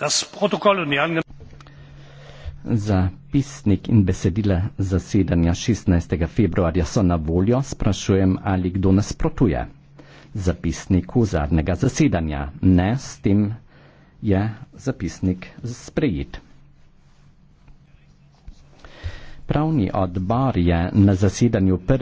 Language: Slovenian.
Das protokoll und die Zapisnik in besedila zasedanja 16. februarja so na voljo, sprašujem, ali kdo nasprotuje. Zapisniku zadnjega zasedanja ne, s tem je zapisnik sprejet. Pravni odbor je na zasedanju prvi.